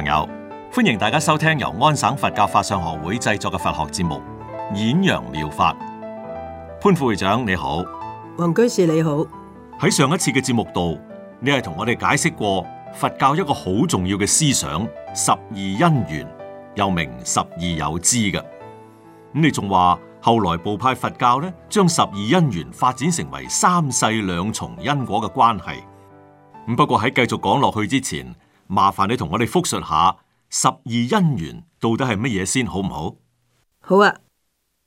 朋友，歡迎大家收聽由安省佛教法相學會製作嘅佛學節目《演揚妙，妙法》。潘副會長你好，黃居士你好。喺上一次嘅節目度，你係同我哋解釋過佛教一個好重要嘅思想——十二因緣，又名十二有支嘅。咁你仲話後來部派佛教呢，將十二因緣發展成為三世兩重因果嘅關係。咁不過喺繼續講落去之前，麻煩你同我哋復述下十二因緣到底係乜嘢先好唔好？好啊，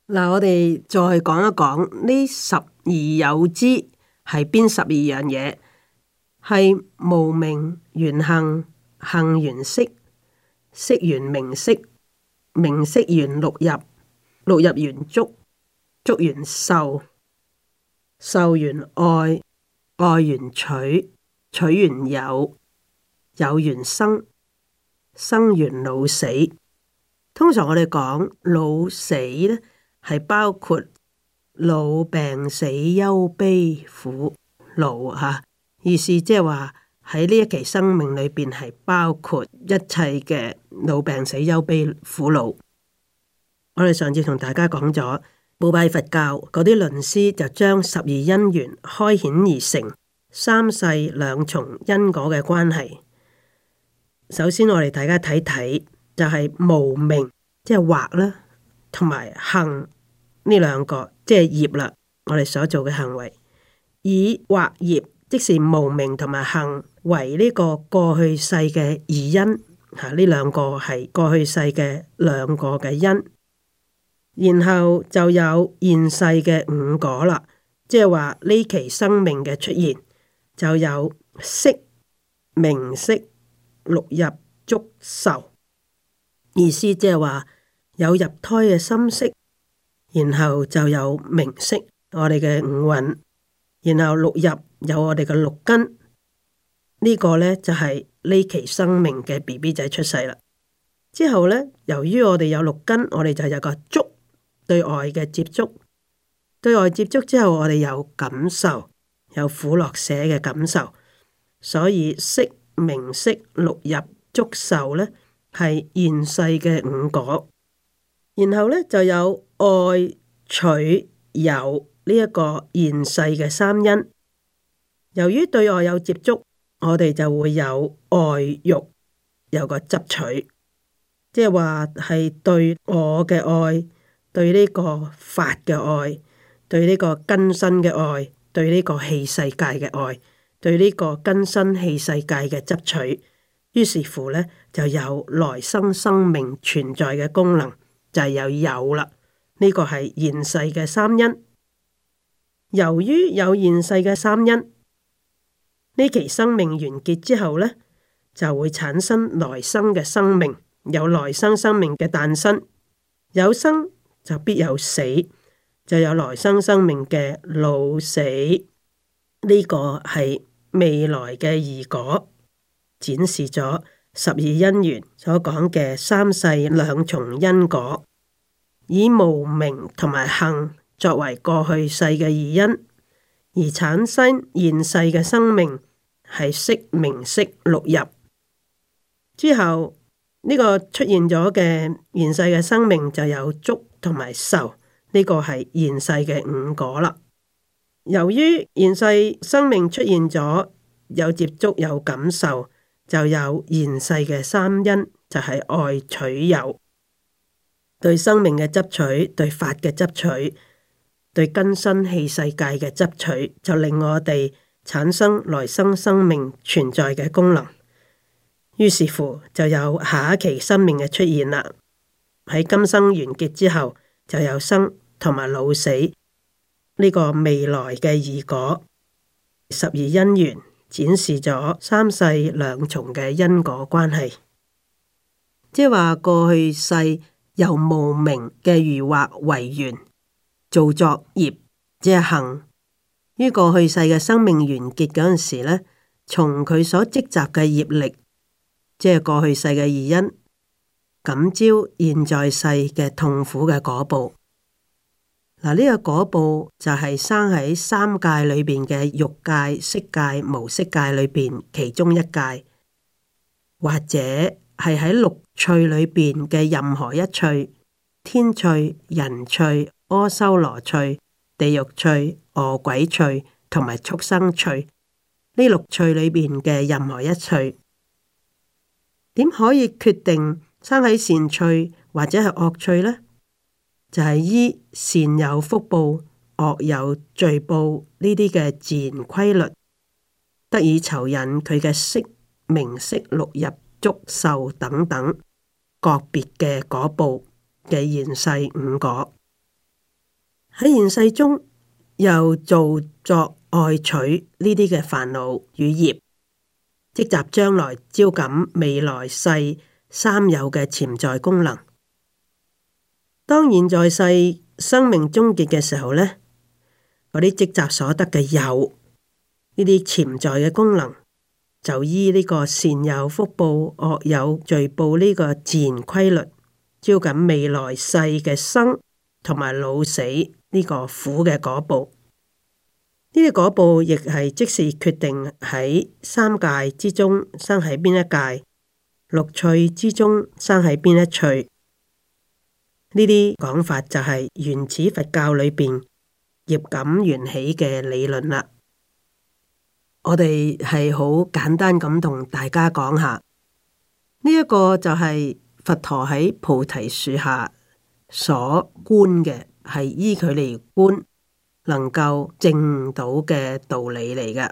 嗱，我哋再講一講呢十二有支係邊十二樣嘢，係無明緣行，行緣識，識緣名色，名色緣六入，六入緣觸，觸緣受，受緣愛，愛緣取，取緣有。有緣生，生緣老死。通常我哋講老死呢係包括老病死憂悲苦惱吓，而、啊、是即係話喺呢一期生命裏邊係包括一切嘅老病死憂悲苦惱。我哋上次同大家講咗，部派佛教嗰啲論師就將十二因緣開顯而成三世兩重因果嘅關係。首先我哋大家睇睇，就係、是、無明」即，即係惑啦，同埋行呢兩個即係業啦。我哋所做嘅行為，以惑業，即是無明幸」同埋行為呢個過去世嘅二因。嚇、啊，呢兩個係過去世嘅兩個嘅因。然後就有現世嘅五果啦，即係話呢期生命嘅出現就有識、名色。六入觸受，意思即係話有入胎嘅心識，然後就有名色，我哋嘅五蘊，然後六入，有我哋嘅六根，呢、這個呢，就係呢期生命嘅 B B 仔出世啦。之後呢，由於我哋有六根，我哋就有個觸，對外嘅接觸，對外接觸之後，我哋有感受，有苦樂捨嘅感受，所以識、名色六入觸受呢，係現世嘅五果；然後呢，就有愛取有呢一個現世嘅三因。由於對外有接觸，我哋就會有愛欲，有個執取，即係話係對我嘅愛，對呢個法嘅愛，對呢個根身嘅愛，對呢個器世界嘅愛。對呢個根身器世界嘅執取，於是乎呢就有來生生命存在嘅功能，就係、是、有有啦。呢、這個係現世嘅三因，由於有現世嘅三因，呢期生命完結之後呢，就會產生來生嘅生命。有來生生命嘅誕生，有生就必有死，就有來生生命嘅老死。呢、這個係。未來嘅二果，展示咗十二因緣所講嘅三世兩重因果。以無明同埋行作為過去世嘅二因，而產生現世嘅生命係識、名色、六入。之後呢、這個出現咗嘅現世嘅生命就有觸同埋受，呢、這個係現世嘅五果啦。由於現世生命出現咗有接觸有感受，就有現世嘅三因，就係、是、愛取有對生命嘅執取，對法嘅執取，對根身器世界嘅執取，就令我哋產生來生生命存在嘅功能。於是乎，就有下一期生命嘅出現啦。喺今生完結之後，就有生同埋老死。呢個未來嘅二果，十二因緣展示咗三世兩重嘅因果關係，即係話過去世由無明嘅如惑為緣做作業，即係行於過去世嘅生命完結嗰陣時咧，從佢所積集嘅業力，即係過去世嘅二因，感召現在世嘅痛苦嘅果報。嗱，呢個果報就係生喺三界裏邊嘅欲界、色界、無色界裏邊其中一界，或者係喺六趣裏邊嘅任何一趣，天趣、人趣、阿修羅趣、地獄趣、餓鬼趣同埋畜生趣，呢六趣裏邊嘅任何一趣，點可以決定生喺善趣或者係惡趣呢？就係依善有福報，惡有罪報呢啲嘅自然規律，得以酬引佢嘅識、名色、六入、觸、受等等個別嘅果報嘅現世五果，喺現世中又造作愛取呢啲嘅煩惱與業，積集將來招感未來世三有嘅潛在功能。當現在世生命終結嘅時候呢，嗰啲積集所得嘅有呢啲潛在嘅功能，就依呢個善有福報，惡有罪報呢個自然規律，招緊未來世嘅生同埋老死呢個苦嘅果報。呢啲果報亦係即時決定喺三界之中生喺邊一界，六趣之中生喺邊一趣。呢啲講法就係原始佛教裏邊業感緣起嘅理論啦。我哋係好簡單咁同大家講下，呢、這、一個就係佛陀喺菩提樹下所觀嘅，係依佢嚟觀能夠證到嘅道理嚟嘅。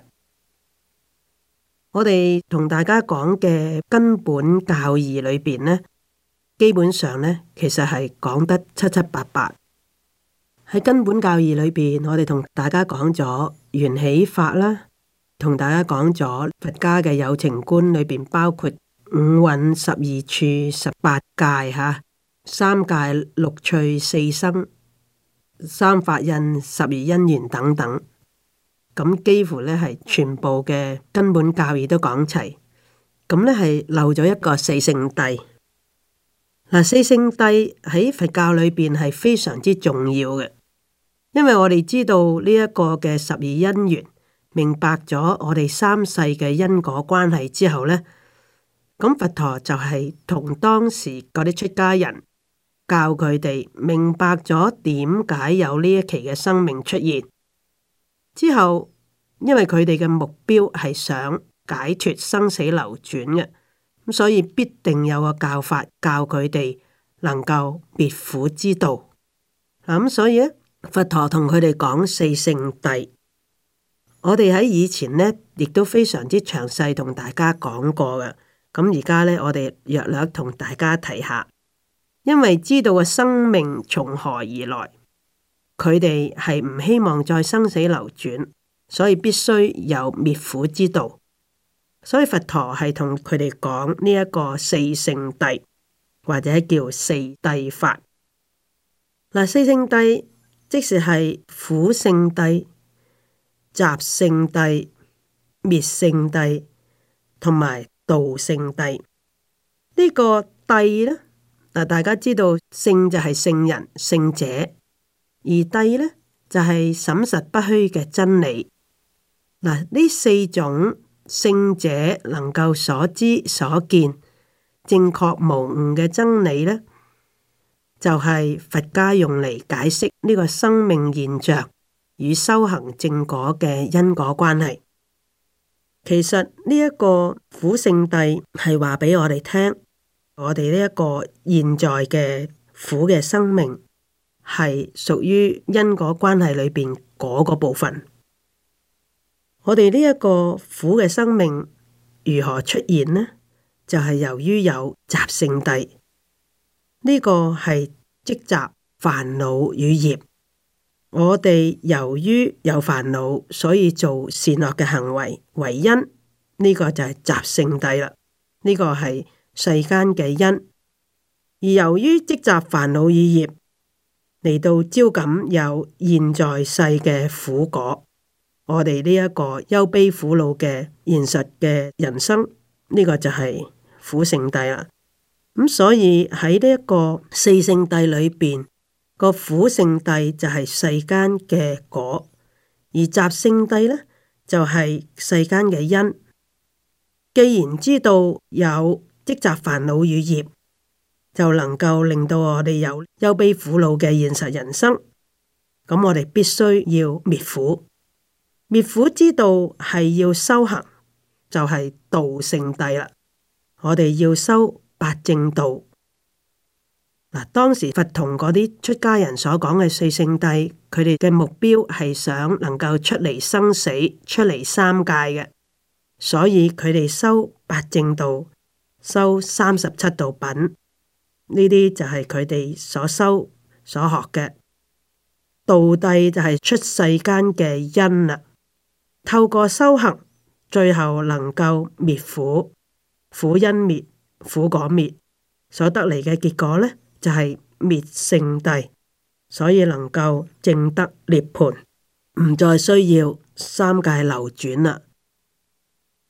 我哋同大家講嘅根本教義裏邊呢？基本上呢，其實係講得七七八八，喺根本教義裏邊，我哋同大家講咗緣起法啦，同大家講咗佛家嘅有情觀裏邊包括五蘊、十二處、十八界吓、三界六趣、四生、三法印、十二因緣等等，咁幾乎呢，係全部嘅根本教義都講齊，咁呢，係漏咗一個四聖諦。嗱，四聖諦喺佛教裏邊係非常之重要嘅，因為我哋知道呢一個嘅十二因緣，明白咗我哋三世嘅因果關係之後咧，咁佛陀就係同當時嗰啲出家人教佢哋明白咗點解有呢一期嘅生命出現之後，因為佢哋嘅目標係想解脫生死流轉嘅。所以必定有個教法教佢哋能夠滅苦之道。咁、嗯、所以咧，佛陀同佢哋講四聖諦。我哋喺以前呢亦都非常之詳細同大家講過嘅。咁而家呢，我哋略略同大家睇下，因為知道嘅生命從何而來，佢哋係唔希望再生死流轉，所以必須有滅苦之道。所以佛陀係同佢哋講呢一個四聖諦，或者叫四諦法。嗱，四聖諦即是係苦聖諦、集聖諦、滅聖諦同埋道聖諦。呢、這個諦呢，嗱，大家知道聖就係聖人、聖者，而諦呢，就係審實不虛嘅真理。嗱，呢四種。聖者能夠所知所見正確無誤嘅真理呢，就係佛家用嚟解釋呢個生命現象與修行正果嘅因果關係。其實呢一個苦聖諦係話俾我哋聽，我哋呢一個現在嘅苦嘅生命係屬於因果關係裏邊嗰個部分。我哋呢一個苦嘅生命如何出現呢？就係、是、由於有集聖諦，呢、這個係積集煩惱與業。我哋由於有煩惱，所以做善惡嘅行為為因，呢、這個就係集聖諦啦。呢、這個係世間嘅因，而由於積集煩惱與業嚟到招感有現在世嘅苦果。我哋呢一個憂悲苦惱嘅現實嘅人生，呢、這個就係苦聖帝啦。咁、嗯、所以喺呢一個四聖帝裏邊，個苦聖帝就係世間嘅果，而集聖帝呢，就係、是、世間嘅因。既然知道有積集煩惱與業，就能夠令到我哋有憂悲苦惱嘅現實人生。咁我哋必須要滅苦。滅苦之道係要修行，就係道聖諦啦。我哋要修八正道。嗱，當時佛同嗰啲出家人所講嘅四聖諦，佢哋嘅目標係想能夠出嚟生死、出嚟三界嘅，所以佢哋修八正道、修三十七道品，呢啲就係佢哋所修、所學嘅道諦就係出世間嘅因啦。透過修行，最後能夠滅苦，苦因滅，苦果滅，所得嚟嘅結果呢，就係滅聖諦。所以能夠正得涅盤，唔再需要三界流轉啦。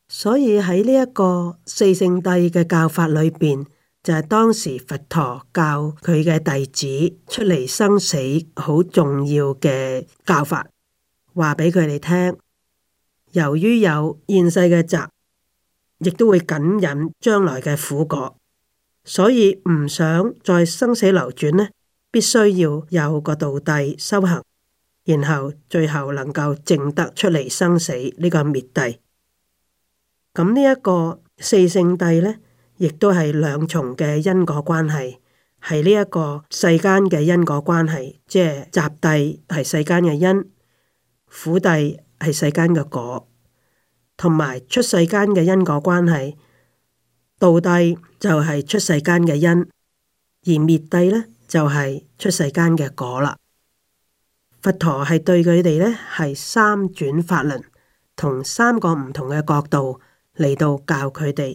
所以喺呢一個四聖諦嘅教法裏邊，就係當時佛陀教佢嘅弟子出嚟生死好重要嘅教法，話俾佢哋聽。由於有現世嘅集，亦都會緊引將來嘅苦果，所以唔想再生死流轉呢，必須要有個道諦修行，然後最後能夠證得出嚟生死呢個滅諦。咁呢一個四聖諦呢，亦都係兩重嘅因果關係，係呢一個世間嘅因果關係，即係集諦係世間嘅因，苦諦。係世間嘅果，同埋出世間嘅因果關係，道諦就係出世間嘅因，而滅諦呢，就係出世間嘅果啦。佛陀係對佢哋呢，係三轉法輪，同三個唔同嘅角度嚟到教佢哋。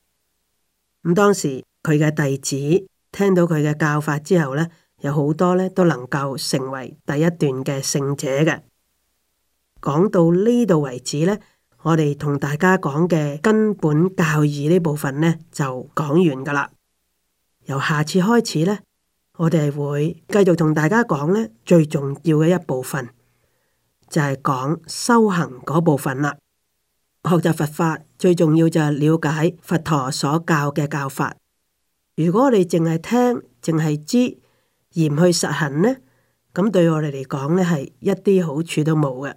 咁當時佢嘅弟子聽到佢嘅教法之後呢，有好多呢，都能夠成為第一段嘅聖者嘅。講到呢度為止呢，我哋同大家講嘅根本教義呢部分呢，就講完噶啦。由下次開始呢，我哋會繼續同大家講呢最重要嘅一部分，就係講修行嗰部分啦。學習佛法最重要就係了解佛陀所教嘅教法。如果我哋淨係聽，淨係知，而唔去實行呢，咁對我哋嚟講呢，係一啲好處都冇嘅。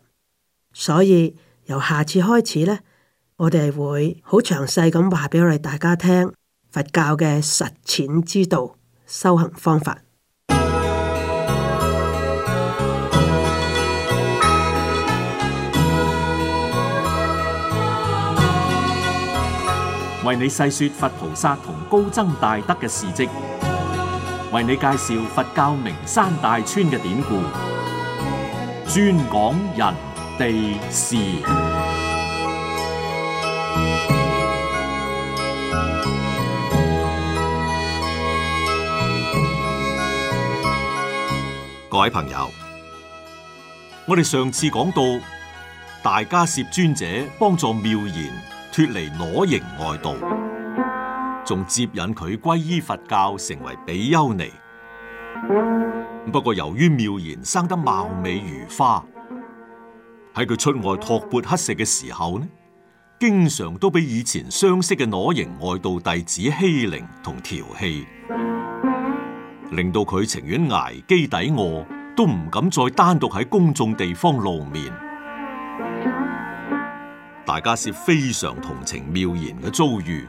所以由下次開始呢，我哋會好詳細咁話俾我哋大家聽佛教嘅實踐之道、修行方法。為你細說佛菩薩同高僧大德嘅事跡，為你介紹佛教名山大川嘅典故，專講人。地事，各位朋友，我哋上次講到，大迦葉尊者幫助妙賢脫離裸形外道，仲接引佢皈依佛教，成為比丘尼。不過由於妙賢生得貌美如花。喺佢出外托缽乞食嘅時候呢，經常都俾以前相識嘅裸形外道弟子欺凌同調戲，令到佢情願挨飢抵餓，都唔敢再單獨喺公眾地方露面。大家是非常同情妙賢嘅遭遇，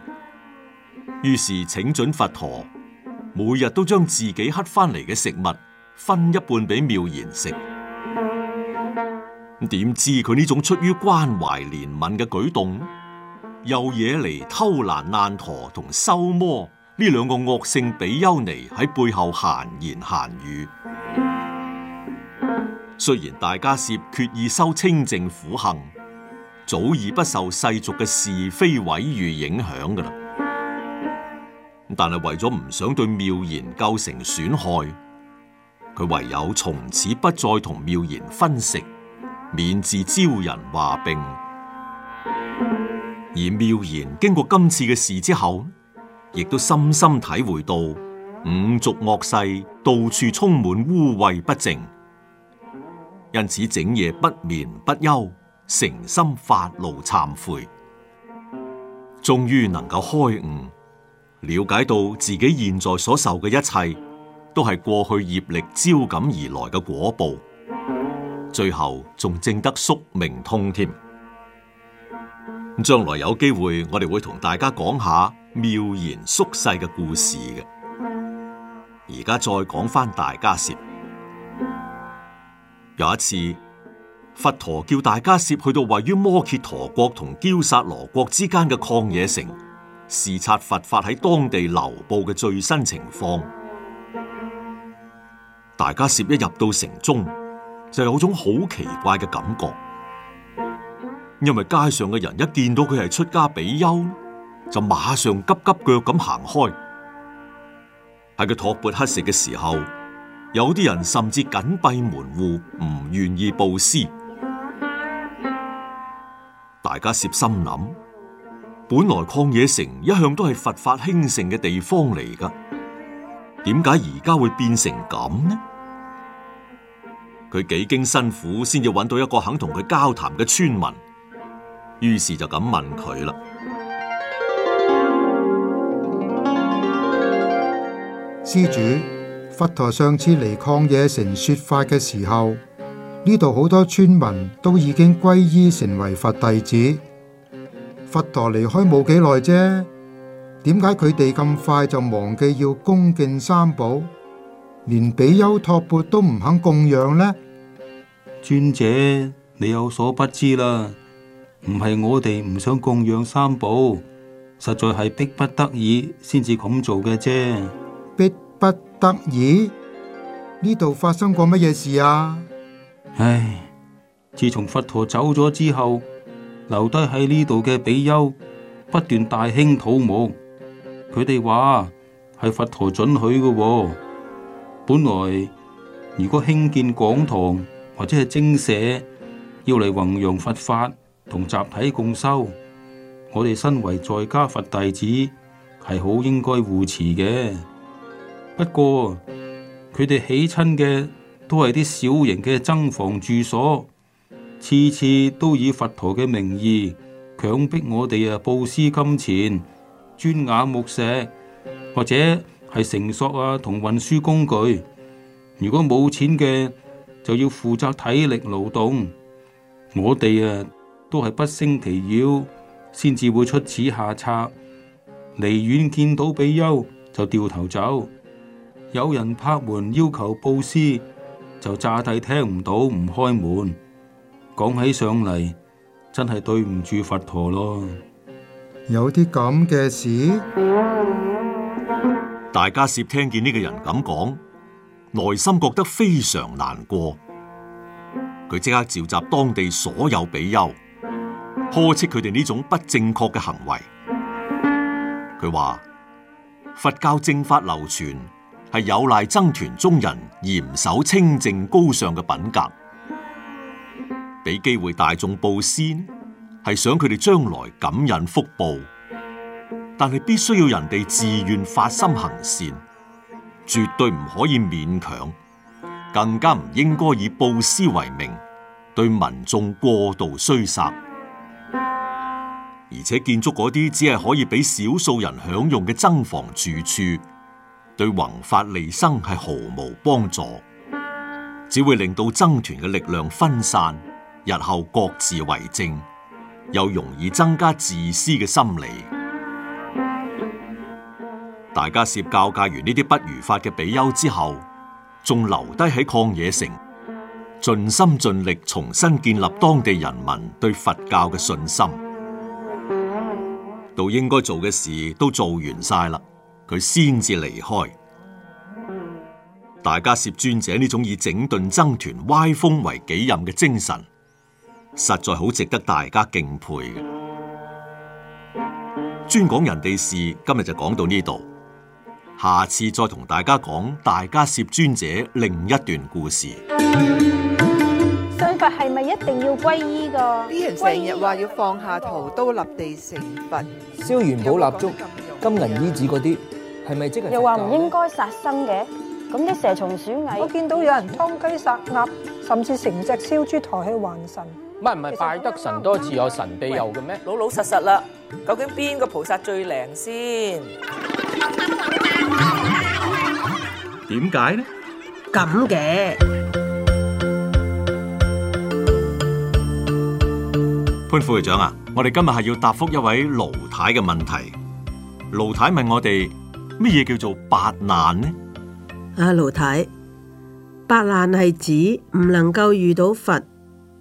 於是請准佛陀每日都將自己乞翻嚟嘅食物分一半俾妙賢食。咁點知佢呢種出於關懷憐憫嘅舉動，又惹嚟，偷蘭難陀同修魔呢兩個惡性比丘尼喺背後閒言閒語。雖然大家是決意修清淨苦行，早已不受世俗嘅是非毀譽影響噶啦，但係為咗唔想對妙賢構成損害，佢唯有從此不再同妙賢分食。免致招人話病，而妙賢經過今次嘅事之後，亦都深深體會到五濁惡世到處充滿污穢不淨，因此整夜不眠不休，誠心發怒懺悔，終於能夠開悟，了解到自己現在所受嘅一切，都係過去業力招感而來嘅果報。最後仲正得宿命通添，咁將來有機會我哋會同大家講下妙言宿世嘅故事嘅。而家再講返大迦葉，有一次佛陀叫大迦葉去到位於摩揭陀國同憍薩羅國之間嘅曠野城視察佛法喺當地流布嘅最新情況。大迦葉一入到城中。就有嗰種好奇怪嘅感覺，因為街上嘅人一見到佢係出家比丘，就馬上急急腳咁行開。喺佢托缽乞食嘅時候，有啲人甚至緊閉門戶，唔願意布施。大家攝心諗，本來曠野城一向都係佛法興盛嘅地方嚟噶，點解而家會變成咁呢？佢幾經辛苦，先要揾到一個肯同佢交談嘅村民，於是就咁問佢啦：施主，佛陀上次嚟曠野城說法嘅時候，呢度好多村民都已經皈依成為佛弟子，佛陀離開冇幾耐啫，點解佢哋咁快就忘記要恭敬三寶？連比丘托缽都唔肯供養呢？尊者，你有所不知啦，唔係我哋唔想供養三寶，實在係逼不得已先至咁做嘅啫。逼不得已？呢度發生過乜嘢事啊？唉，自從佛陀走咗之後，留低喺呢度嘅比丘不斷大興土木，佢哋話係佛陀准許嘅喎。本來如果興建講堂或者係精舍，要嚟弘揚佛法同集體共修，我哋身為在家佛弟子係好應該護持嘅。不過佢哋起親嘅都係啲小型嘅僧房住所，次次都以佛陀嘅名義強迫我哋啊，布施金錢、磚瓦木石或者，係繩索啊，同運輸工具。如果冇錢嘅，就要負責體力勞動。我哋啊，都係不勝其擾，先至會出此下策。離遠見到比丘，就掉頭走。有人拍門要求布施，就詐諦聽唔到，唔開門。講起上嚟，真係對唔住佛陀咯。有啲咁嘅事。 大迦葉聽見呢個人咁講，內心覺得非常難過。佢即刻召集當地所有比丘，呵斥佢哋呢種不正確嘅行為。佢話，佛教正法流傳係有賴僧團中人嚴守清淨高尚嘅品格，俾機會大眾布施，係想佢哋將來感恩福報。但係必須要人哋自願發心行善，絕對唔可以勉強，更加唔應該以布施為名對民眾過度衰殺，而且建築嗰啲只係可以俾少數人享用嘅僧房住處，對宏法利生係毫無幫助，只會令到僧團嘅力量分散，日後各自為政，又容易增加自私嘅心理。大家迦葉教誡完呢啲不如法嘅比丘之後，仲留低喺曠野城，盡心盡力重新建立當地人民對佛教嘅信心，到應該做嘅事都做完晒啦，佢先至離開。大迦葉尊者呢種以整頓僧團歪風為己任嘅精神，實在好值得大家敬佩嘅。專講人哋事，今日就講到呢度。下次再同大家講，大迦葉尊者另一段故事。信佛係咪一定要皈依噶？啲人成日話要放下屠刀立地成佛，燒元寶蠟燭、金銀衣紙嗰啲，係咪、啊、即係？又話唔應該殺生嘅，咁啲蛇蟲鼠蟻，我見到有人劏雞殺鴨，甚至成隻燒豬抬去還神。唔係唔係，拜得神多自有神庇佑嘅咩？老老實實啦，究竟邊個菩薩最靈先？點解呢？咁嘅潘副隊長啊，我哋今日係要答覆一位盧太嘅問題。盧太問我哋乜嘢叫做八難呢？啊，盧太，八難係指唔能夠遇到佛，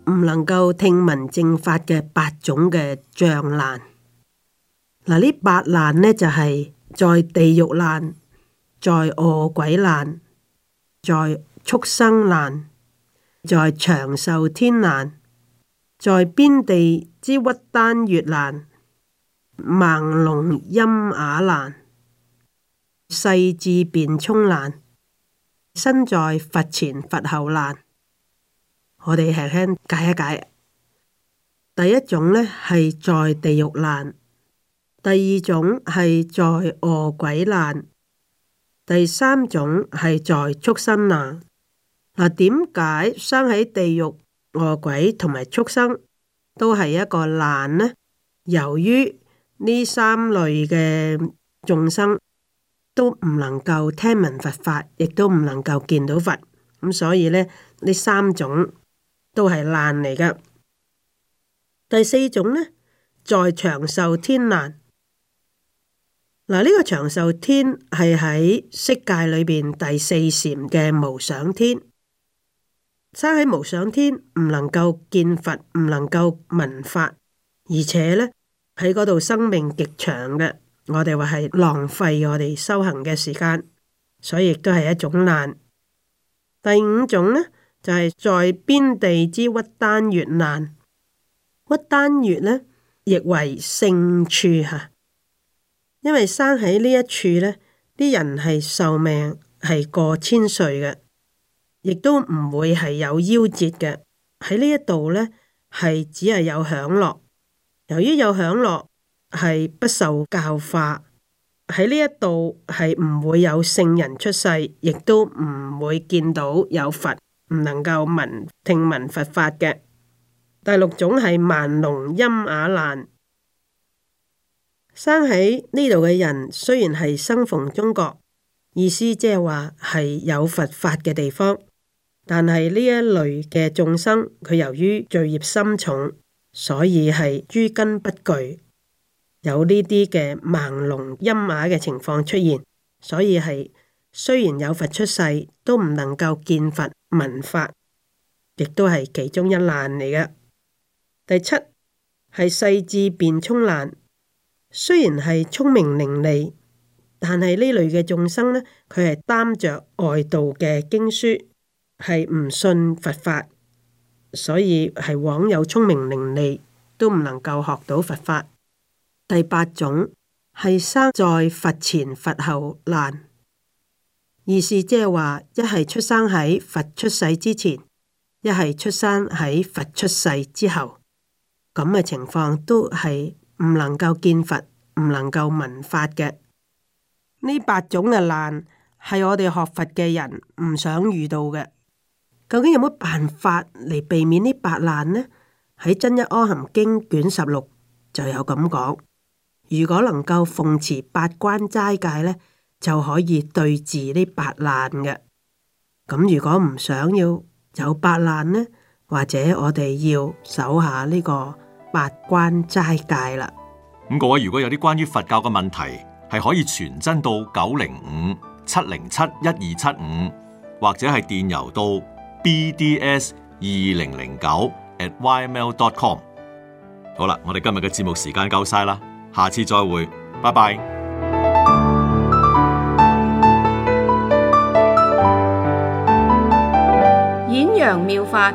唔能夠聽聞正法嘅八種嘅障難嗱。呢八難呢就係。在地獄難，在餓鬼難，在畜生難，在長壽天難，在邊地之鬱單越難，盲聾音啞難，世智辯聰難，身在佛前佛後難。我哋輕輕解一解，第一種呢，係在地獄難。第二種係在餓鬼難，第三種係在畜生難。嗱，點解生喺地獄、餓鬼同埋畜生都係一個難呢？由於呢三類嘅眾生都唔能夠聽聞佛法，亦都唔能夠見到佛，咁所以呢，呢三種都係難嚟嘅。第四種呢，在長壽天難。嗱，呢個長壽天係喺色界裏邊第四禪嘅無想天，生喺無想天，唔能夠見佛，唔能夠聞法，而且咧喺嗰度生命極長嘅，我哋話係浪費我哋修行嘅時間，所以亦都係一種難。第五種咧，就係在邊地之鬱單越難，鬱單越咧亦為勝處嚇。因為生喺呢一處呢，啲人係壽命係過千歲嘅，亦都唔會係有夭折嘅。喺呢一度呢，係只係有享樂。由於有享樂，係不受教化。喺呢一度係唔會有聖人出世，亦都唔會見到有佛，唔能夠聞聽聞佛法嘅。第六種係盲聾瘖啞難。生喺呢度嘅人雖然係生逢中國，意思即係話，係有佛法嘅地方，但係呢一類嘅眾生，佢由於罪孽深重，所以係諸根不具，有呢啲嘅盲聾喑啞嘅情況出現，所以係雖然有佛出世，都唔能夠見佛聞法，亦都係其中一難嚟嘅。第七係世智辯聰難。雖然係聰明伶俐，但係呢類嘅眾生呢，佢係擔着外道嘅經書，係唔信佛法，所以係枉有聰明伶俐都唔能夠學到佛法。第八種係生在佛前佛後難，意思即係話一係出生喺佛出世之前，一係出生喺佛出世之後，咁嘅情況都係。唔能夠見佛，唔能夠聞法嘅。呢八種嘅難，係我哋學佛嘅人唔想遇到嘅。究竟有乜辦法嚟避免呢八難呢？喺真一阿含經卷十六就有咁講。如果能夠奉持八關齋戒呢，就可以對治呢八難嘅。咁如果唔想要有八難呢，或者我哋要守下呢、這個。八關齋戒啦，咁各位如果有啲關於佛教嘅問題，係可以傳真到九零五七零七一二七五，75，或者係電郵到 bds 二零零九 at ymail.com。好啦，我哋今日嘅節目時間夠晒啦，下次再會，拜拜。演揚妙法。